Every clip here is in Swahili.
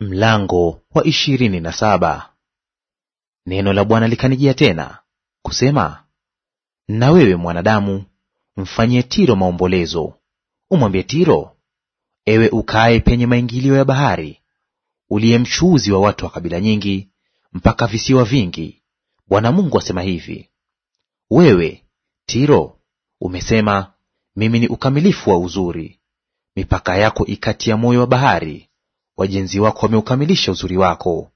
Mlango wa ishirini na saba. Neno la Bwana likanijia tena kusema, na wewe mwanadamu, mfanyie Tiro maombolezo, umwambie Tiro, ewe ukae penye maingilio ya bahari, uliye mchuuzi wa watu wa kabila nyingi, mpaka visiwa vingi, Bwana Mungu asema hivi: wewe Tiro umesema, mimi ni ukamilifu wa uzuri, mipaka yako ikati ya moyo wa bahari wajenzi wako wameukamilisha uzuri wako.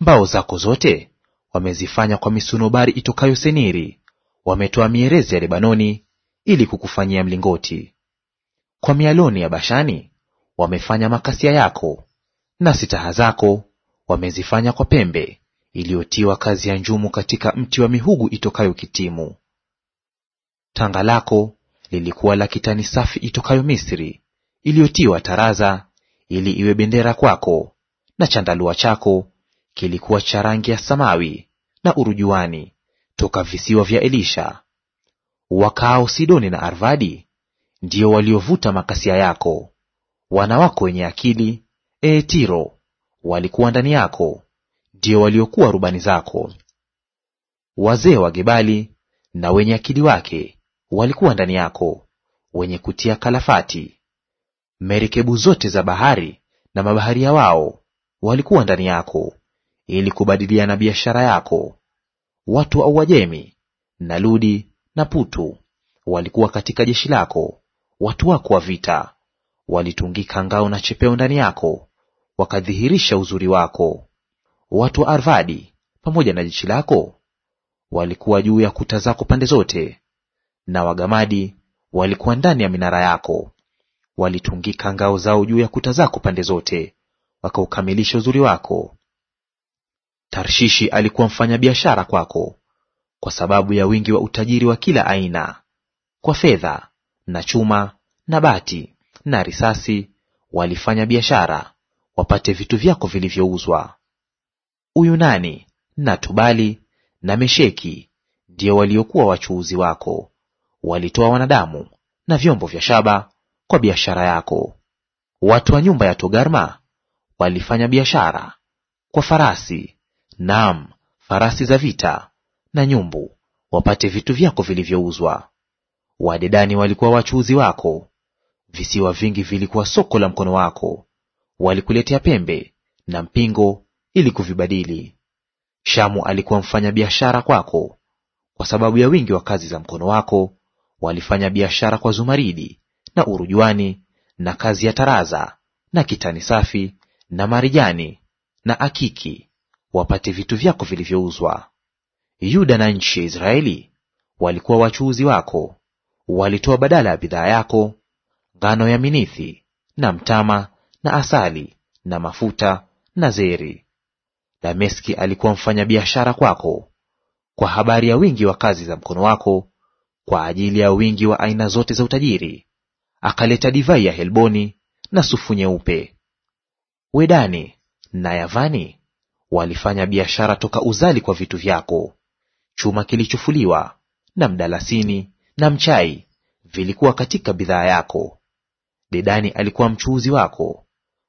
Mbao zako zote wamezifanya kwa misunobari itokayo Seniri, wametoa mierezi ya Lebanoni ili kukufanyia mlingoti. Kwa mialoni ya Bashani wamefanya makasia yako, na sitaha zako wamezifanya kwa pembe iliyotiwa kazi ya njumu katika mti wa mihugu itokayo Kitimu. Tanga lako lilikuwa la kitani safi itokayo Misri, iliyotiwa taraza ili iwe bendera kwako, na chandalua chako kilikuwa cha rangi ya samawi na urujuani toka visiwa vya Elisha. Wakaao Sidoni na Arvadi ndio waliovuta makasia yako. Wana wako wenye akili, ee Tiro, walikuwa ndani yako, ndio waliokuwa rubani zako. Wazee wa Gebali na wenye akili wake walikuwa ndani yako, wenye kutia kalafati Merikebu zote za bahari na mabaharia wao walikuwa ndani yako, ili kubadiliana biashara yako. Watu wa Uajemi na Ludi na Putu walikuwa katika jeshi lako, watu wako wa vita. Walitungika ngao na chepeo ndani yako, wakadhihirisha uzuri wako. Watu wa Arvadi pamoja na jeshi lako walikuwa juu ya kuta zako pande zote, na Wagamadi walikuwa ndani ya minara yako walitungika ngao zao juu ya kuta zako pande zote, wakaukamilisha uzuri wako. Tarshishi alikuwa mfanya biashara kwako, kwa sababu ya wingi wa utajiri wa kila aina; kwa fedha na chuma na bati na risasi walifanya biashara, wapate vitu vyako vilivyouzwa. Uyunani na Tubali na Mesheki ndio waliokuwa wachuuzi wako; walitoa wanadamu na vyombo vya shaba kwa biashara yako. Watu wa nyumba ya Togarma walifanya biashara kwa farasi, naam, farasi za vita na nyumbu, wapate vitu vyako vilivyouzwa. Wadedani walikuwa wachuuzi wako, visiwa vingi vilikuwa soko la mkono wako. Walikuletea pembe na mpingo ili kuvibadili. Shamu alikuwa mfanyabiashara kwako, kwa sababu ya wingi wa kazi za mkono wako walifanya biashara kwa zumaridi na urujuani na kazi ya taraza na kitani safi na marijani na akiki, wapate vitu vyako vilivyouzwa. Yuda na nchi ya Israeli walikuwa wachuuzi wako, walitoa badala ya bidhaa yako ngano ya minithi na mtama na asali na mafuta na zeri. Dameski alikuwa mfanyabiashara kwako kwa habari ya wingi wa kazi za mkono wako, kwa ajili ya wingi wa aina zote za utajiri akaleta divai ya Helboni na sufu nyeupe. Wedani na Yavani walifanya biashara toka uzali kwa vitu vyako. Chuma kilichofuliwa na mdalasini na mchai vilikuwa katika bidhaa yako. Dedani alikuwa mchuuzi wako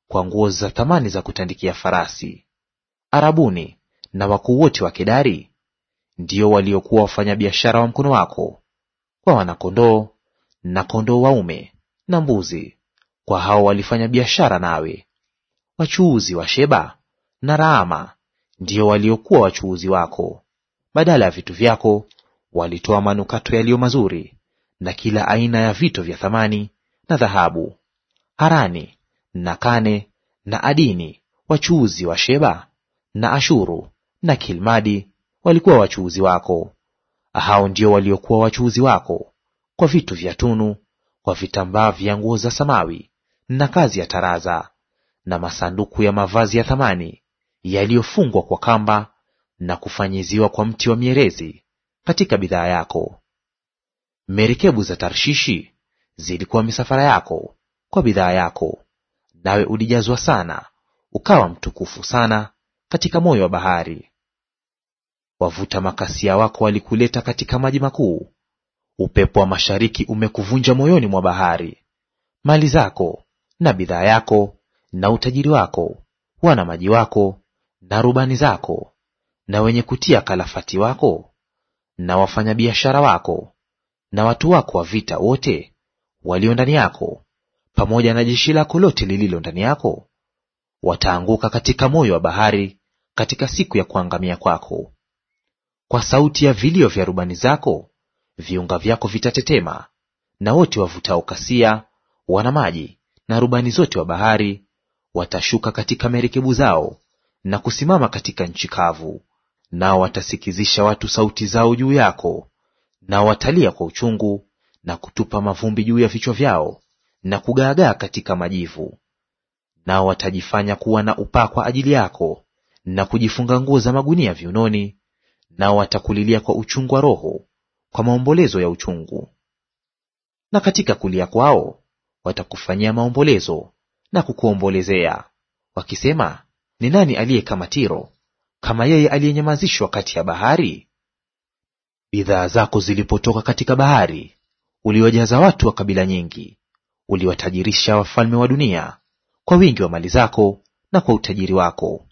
kwa nguo za thamani za kutandikia farasi. Arabuni na wakuu wote wa Kedari ndio waliokuwa wafanyabiashara wa mkono wako, kwa wanakondoo na kondoo waume na mbuzi, kwa hao walifanya biashara nawe. Wachuuzi wa Sheba na Raama ndio waliokuwa wachuuzi wako. Badala ya vitu vyako walitoa manukato yaliyo mazuri na kila aina ya vito vya thamani na dhahabu. Harani na Kane na Adini wachuuzi wa Sheba na Ashuru na Kilmadi walikuwa wachuuzi wako. Hao ndio waliokuwa wachuuzi wako kwa vitu vya tunu kwa vitambaa vya nguo za samawi na kazi ya taraza na masanduku ya mavazi ya thamani yaliyofungwa kwa kamba na kufanyiziwa kwa mti wa mierezi katika bidhaa yako. Merikebu za Tarshishi zilikuwa misafara yako kwa bidhaa yako, nawe ulijazwa sana ukawa mtukufu sana katika moyo wa bahari. Wavuta makasia wako walikuleta katika maji makuu, Upepo wa mashariki umekuvunja moyoni mwa bahari. Mali zako na bidhaa yako na utajiri wako, wana maji wako na rubani zako, na wenye kutia kalafati wako, na wafanyabiashara wako, na watu wako wa vita wote walio ndani yako, pamoja na jeshi lako lote lililo ndani yako, wataanguka katika moyo wa bahari katika siku ya kuangamia kwako. Kwa sauti ya vilio vya rubani zako viunga vyako vitatetema, na wote wavutao kasia, wana maji na rubani zote wa bahari watashuka katika merikebu zao na kusimama katika nchi kavu, nao watasikizisha watu sauti zao juu yako, nao watalia kwa uchungu na kutupa mavumbi juu ya vichwa vyao na kugaagaa katika majivu. Nao watajifanya kuwa na upaa kwa ajili yako na kujifunga nguo za magunia viunoni, nao watakulilia kwa uchungu wa roho kwa maombolezo ya uchungu. Na katika kulia kwao watakufanyia maombolezo na kukuombolezea, wakisema, ni nani aliye kama Tiro, kama yeye aliyenyamazishwa kati ya bahari? Bidhaa zako zilipotoka katika bahari, uliwajaza watu wa kabila nyingi, uliwatajirisha wafalme wa dunia kwa wingi wa mali zako na kwa utajiri wako.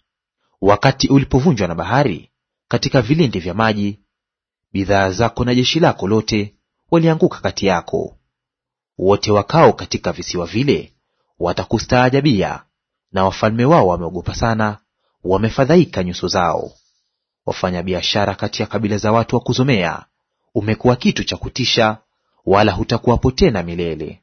Wakati ulipovunjwa na bahari katika vilindi vya maji, bidhaa zako na jeshi lako lote walianguka kati yako. Wote wakao katika visiwa vile watakustaajabia, na wafalme wao wameogopa sana, wamefadhaika nyuso zao. Wafanyabiashara kati ya kabila za watu wa kuzomea umekuwa kitu cha kutisha, wala hutakuwapo tena milele.